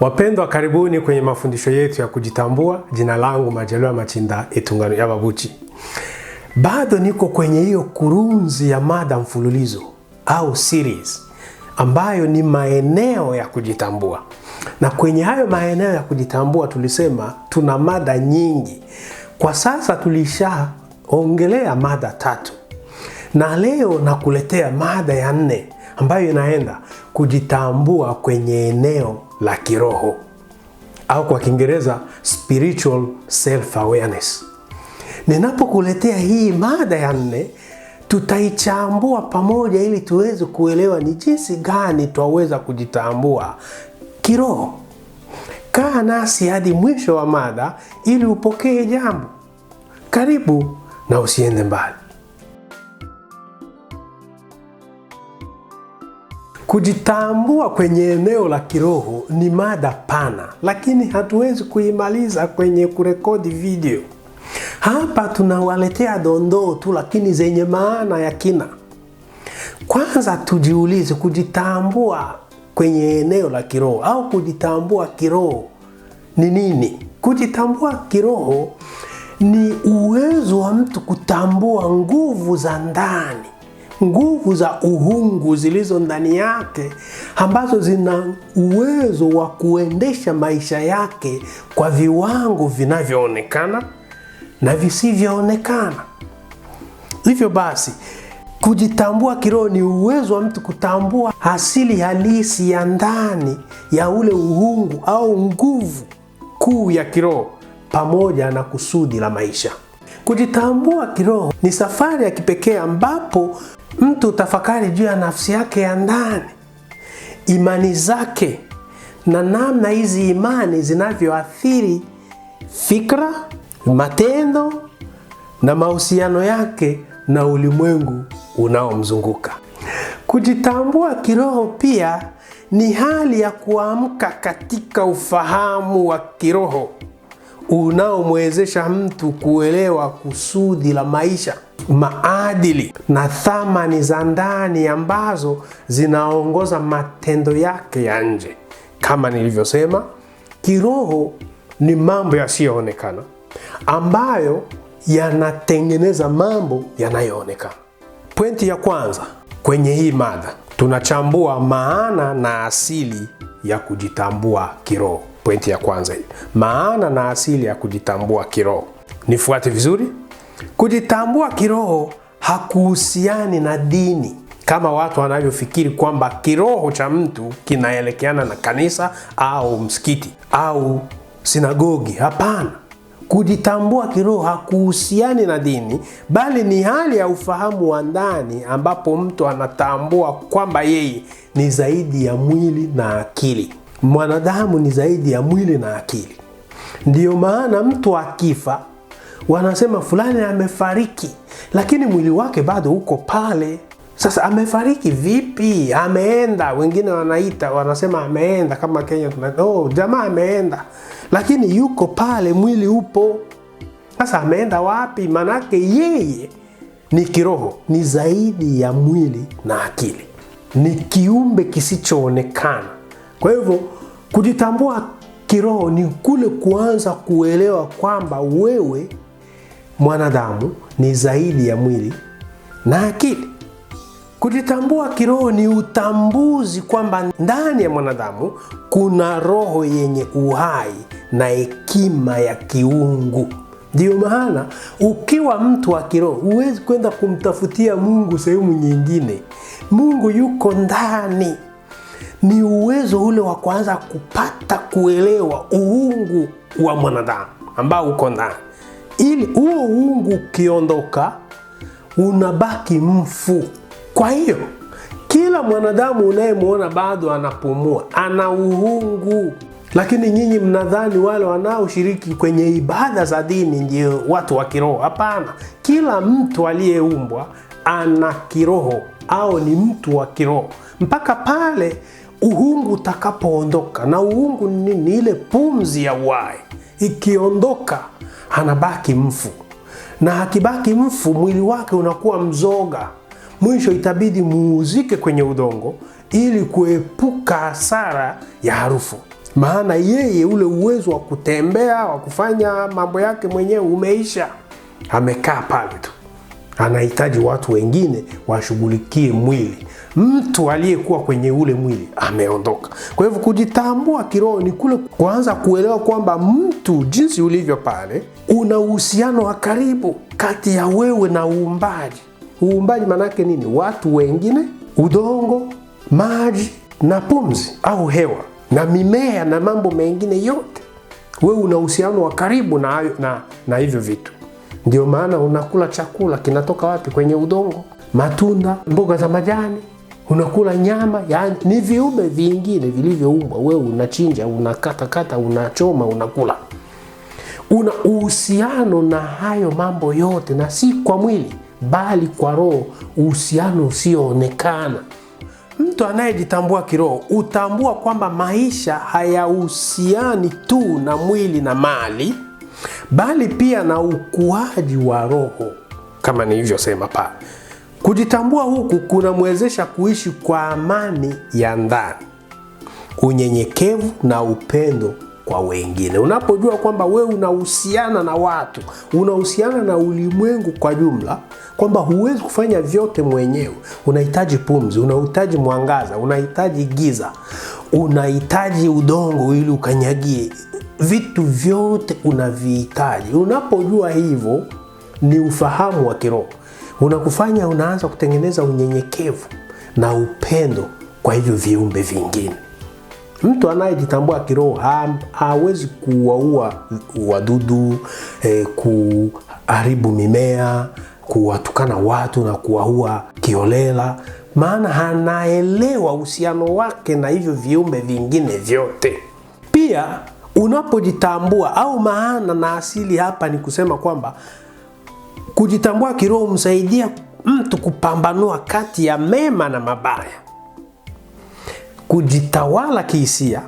Wapendwa, karibuni kwenye mafundisho yetu ya kujitambua. Jina langu Majaliwa Machinda Itungano ya Babuchi. Bado niko kwenye hiyo kurunzi ya mada mfululizo au series ambayo ni maeneo ya kujitambua, na kwenye hayo maeneo ya kujitambua tulisema tuna mada nyingi. Kwa sasa tulishaongelea mada tatu, na leo nakuletea mada ya nne ambayo inaenda kujitambua kwenye eneo la kiroho au kwa Kiingereza spiritual self awareness. Ninapokuletea hii mada ya nne, tutaichambua pamoja ili tuweze kuelewa ni jinsi gani twaweza kujitambua kiroho. Kaa nasi hadi mwisho wa mada ili upokee jambo. Karibu na usiende mbali. Kujitambua kwenye eneo la kiroho ni mada pana, lakini hatuwezi kuimaliza kwenye kurekodi video. Hapa tunawaletea dondoo tu, lakini zenye maana ya kina. Kwanza tujiulize, kujitambua kwenye eneo la kiroho au kujitambua kiroho ni nini? Kujitambua kiroho ni uwezo wa mtu kutambua nguvu za ndani nguvu za uhungu zilizo ndani yake ambazo zina uwezo wa kuendesha maisha yake kwa viwango vinavyoonekana na visivyoonekana. Hivyo basi, kujitambua kiroho ni uwezo wa mtu kutambua asili halisi ya ndani ya ule uhungu au nguvu kuu ya kiroho pamoja na kusudi la maisha. Kujitambua kiroho ni safari ya kipekee ambapo mtu tafakari juu ya nafsi yake ya ndani, imani zake na namna hizi imani zinavyoathiri fikra, matendo na mahusiano yake na ulimwengu unaomzunguka. Kujitambua kiroho pia ni hali ya kuamka katika ufahamu wa kiroho unaomwezesha mtu kuelewa kusudi la maisha maadili na thamani za ndani ambazo zinaongoza matendo yake ya nje. Kama nilivyosema, kiroho ni mambo yasiyoonekana ambayo yanatengeneza mambo yanayoonekana. Pointi ya kwanza kwenye hii mada tunachambua maana na asili ya kujitambua kiroho. Pointi ya kwanza hii, maana na asili ya kujitambua kiroho. Nifuate vizuri. Kujitambua kiroho hakuhusiani na dini kama watu wanavyofikiri kwamba kiroho cha mtu kinaelekeana na kanisa au msikiti au sinagogi. Hapana, kujitambua kiroho hakuhusiani na dini, bali ni hali ya ufahamu wa ndani ambapo mtu anatambua kwamba yeye ni zaidi ya mwili na akili. Mwanadamu ni zaidi ya mwili na akili, ndiyo maana mtu akifa wanasema fulani amefariki, lakini mwili wake bado uko pale. Sasa amefariki vipi? Ameenda, wengine wanaita wanasema ameenda, kama Kenya tuna oh, jamaa ameenda, lakini yuko pale, mwili upo. Sasa ameenda wapi? Manake yeye ni kiroho, ni zaidi ya mwili na akili, ni kiumbe kisichoonekana. Kwa hivyo kujitambua kiroho ni kule kuanza kuelewa kwamba wewe mwanadamu ni zaidi ya mwili na akili. Kujitambua kiroho ni utambuzi kwamba ndani ya mwanadamu kuna roho yenye uhai na hekima ya kiungu. Ndiyo maana ukiwa mtu wa kiroho huwezi kwenda kumtafutia Mungu sehemu nyingine. Mungu yuko ndani. Ni uwezo ule wa kuanza kupata kuelewa uungu wa mwanadamu ambao uko ndani ili huo uungu ukiondoka, unabaki mfu. Kwa hiyo kila mwanadamu unayemwona bado anapumua, ana uungu. Lakini nyinyi mnadhani wale wanaoshiriki kwenye ibada za dini ndio watu wa kiroho? Hapana, kila mtu aliyeumbwa ana kiroho au ni mtu wa kiroho mpaka pale uungu utakapoondoka. Na uungu ni nini? Ile pumzi ya uhai. Ikiondoka anabaki mfu, na akibaki mfu mwili wake unakuwa mzoga. Mwisho itabidi muuzike kwenye udongo ili kuepuka hasara ya harufu, maana yeye ule uwezo wa kutembea wa kufanya mambo yake mwenyewe umeisha, amekaa pale tu, anahitaji watu wengine washughulikie mwili mtu aliyekuwa kwenye ule mwili ameondoka. Kwa hivyo kujitambua kiroho ni kule kuanza kuelewa kwamba mtu jinsi ulivyo pale, una uhusiano wa karibu kati ya wewe na uumbaji. Uumbaji maanake nini? Watu wengine, udongo, maji na pumzi au hewa na mimea na mambo mengine yote, wewe una uhusiano wa karibu na, na, na hivyo vitu. Ndio maana unakula chakula kinatoka wapi? Kwenye udongo, matunda, mboga za majani unakula nyama, yani ni viumbe vingine vilivyoumbwa, wewe unachinja, unakatakata, unachoma, unakula. Una uhusiano na hayo mambo yote, na si kwa mwili, bali kwa roho, uhusiano usioonekana. Mtu anayejitambua kiroho utambua kwamba maisha hayahusiani tu na mwili na mali, bali pia na ukuaji wa roho, kama nilivyosema pale. Kujitambua huku kunamwezesha kuishi kwa amani ya ndani, unyenyekevu na upendo kwa wengine. Unapojua kwamba wewe unahusiana na watu, unahusiana na ulimwengu kwa jumla, kwamba huwezi kufanya vyote mwenyewe. Unahitaji pumzi, unahitaji mwangaza, unahitaji giza, unahitaji udongo ili ukanyagie. Vitu vyote unavihitaji. Unapojua hivyo, ni ufahamu wa kiroho unakufanya unaanza kutengeneza unyenyekevu na upendo kwa hivyo viumbe vingine. Mtu anayejitambua kiroho hawezi kuwaua wadudu eh, kuharibu mimea, kuwatukana watu na kuwaua kiolela, maana anaelewa uhusiano wake na hivyo viumbe vingine vyote. Pia unapojitambua au maana na asili hapa ni kusema kwamba Kujitambua kiroho humsaidia mtu kupambanua kati ya mema na mabaya, kujitawala kihisia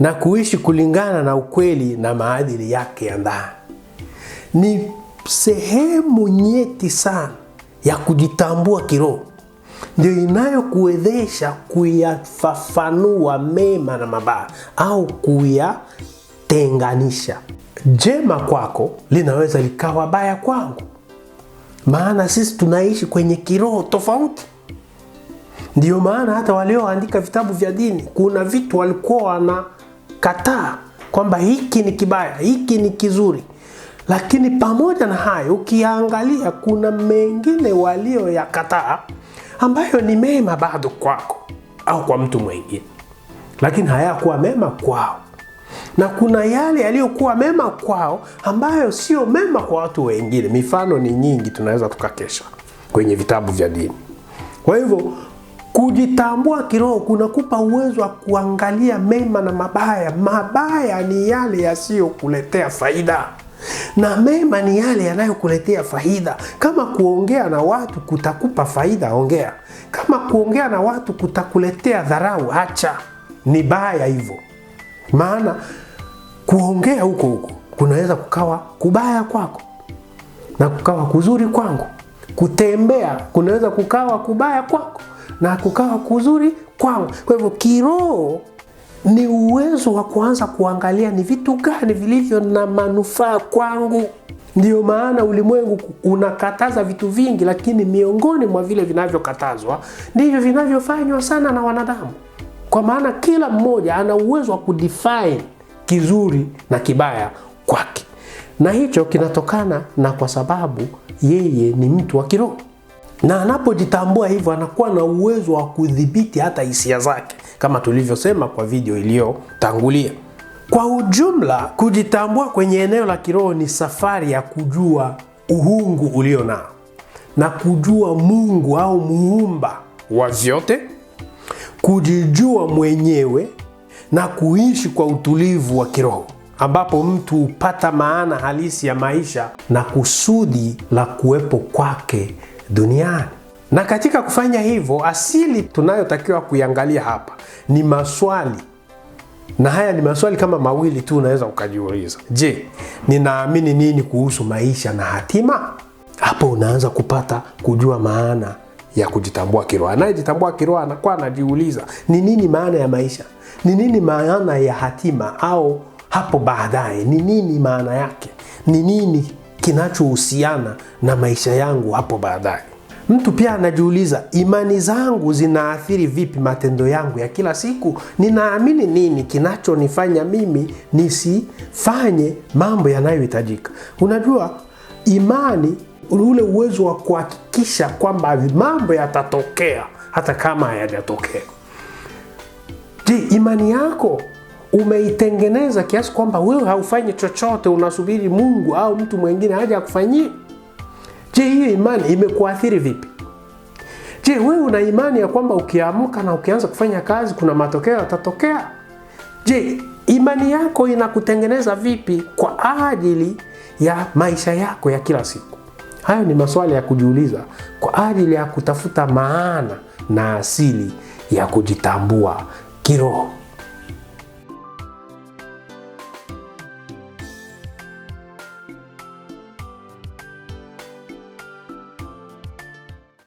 na kuishi kulingana na ukweli na maadili yake ya ndani. Ni sehemu nyeti sana ya kujitambua kiroho, ndio inayokuwezesha kuyafafanua mema na mabaya au kuyatenganisha. Jema kwako linaweza likawa baya kwangu maana sisi tunaishi kwenye kiroho tofauti. Ndiyo maana hata walioandika vitabu vya dini kuna vitu walikuwa wanakataa kwamba hiki ni kibaya, hiki ni kizuri. Lakini pamoja na hayo, ukiangalia kuna mengine walioyakataa ambayo ni mema bado kwako au kwa mtu mwingine, lakini hayakuwa mema kwao na kuna yale yaliyokuwa mema kwao ambayo sio mema kwa watu wengine. Mifano ni nyingi, tunaweza tukakesha kwenye vitabu vya dini. Kwa hivyo kujitambua kiroho kunakupa uwezo wa kuangalia mema na mabaya. Mabaya ni yale yasiyokuletea faida na mema ni yale yanayokuletea faida. Kama kuongea na watu kutakupa faida, ongea. Kama kuongea na watu kutakuletea dharau, acha. Ni baya hivyo, maana kuongea huko huko kunaweza kukawa kubaya kwako na kukawa kuzuri kwangu. Kutembea kunaweza kukawa kubaya kwako na kukawa kuzuri kwangu. Kwa hivyo kiroho ni uwezo wa kuanza kuangalia ni vitu gani vilivyo na manufaa kwangu. Ndiyo maana ulimwengu unakataza vitu vingi, lakini miongoni mwa vile vinavyokatazwa ndivyo vinavyofanywa sana na wanadamu, kwa maana kila mmoja ana uwezo wa kudefine kizuri na kibaya kwake, na hicho kinatokana na kwa sababu yeye ni mtu wa kiroho, na anapojitambua hivyo anakuwa na uwezo wa kudhibiti hata hisia zake, kama tulivyosema kwa video iliyotangulia. Kwa ujumla, kujitambua kwenye eneo la kiroho ni safari ya kujua uhungu ulio nao na kujua Mungu au muumba wa vyote, kujijua mwenyewe na kuishi kwa utulivu wa kiroho ambapo mtu hupata maana halisi ya maisha na kusudi la kuwepo kwake duniani. Na katika kufanya hivyo, asili tunayotakiwa kuiangalia hapa ni maswali, na haya ni maswali kama mawili tu unaweza ukajiuliza. Je, ninaamini nini kuhusu maisha na hatima? Hapo unaanza kupata kujua maana ya kujitambua kiroho. Anayejitambua kiroho anakuwa anajiuliza ni nini maana ya maisha, ni nini maana ya hatima au hapo baadaye, ni nini maana yake, ni nini kinachohusiana na maisha yangu hapo baadaye. Mtu pia anajiuliza, imani zangu zinaathiri vipi matendo yangu ya kila siku? Ninaamini nini kinachonifanya mimi nisifanye mambo yanayohitajika? Unajua imani ule uwezo wa kuhakikisha kwamba mambo yatatokea hata kama hayajatokea. Je, imani yako umeitengeneza kiasi kwamba wewe haufanyi chochote, unasubiri Mungu au mtu mwingine aje akufanyie? Je, hiyo imani imekuathiri vipi? Je, wewe una imani ya kwamba ukiamka na ukianza kufanya kazi kuna matokeo yatatokea? Je, imani yako inakutengeneza vipi kwa ajili ya maisha yako ya kila siku? Hayo ni maswali ya kujiuliza kwa ajili ya kutafuta maana na asili ya kujitambua kiroho.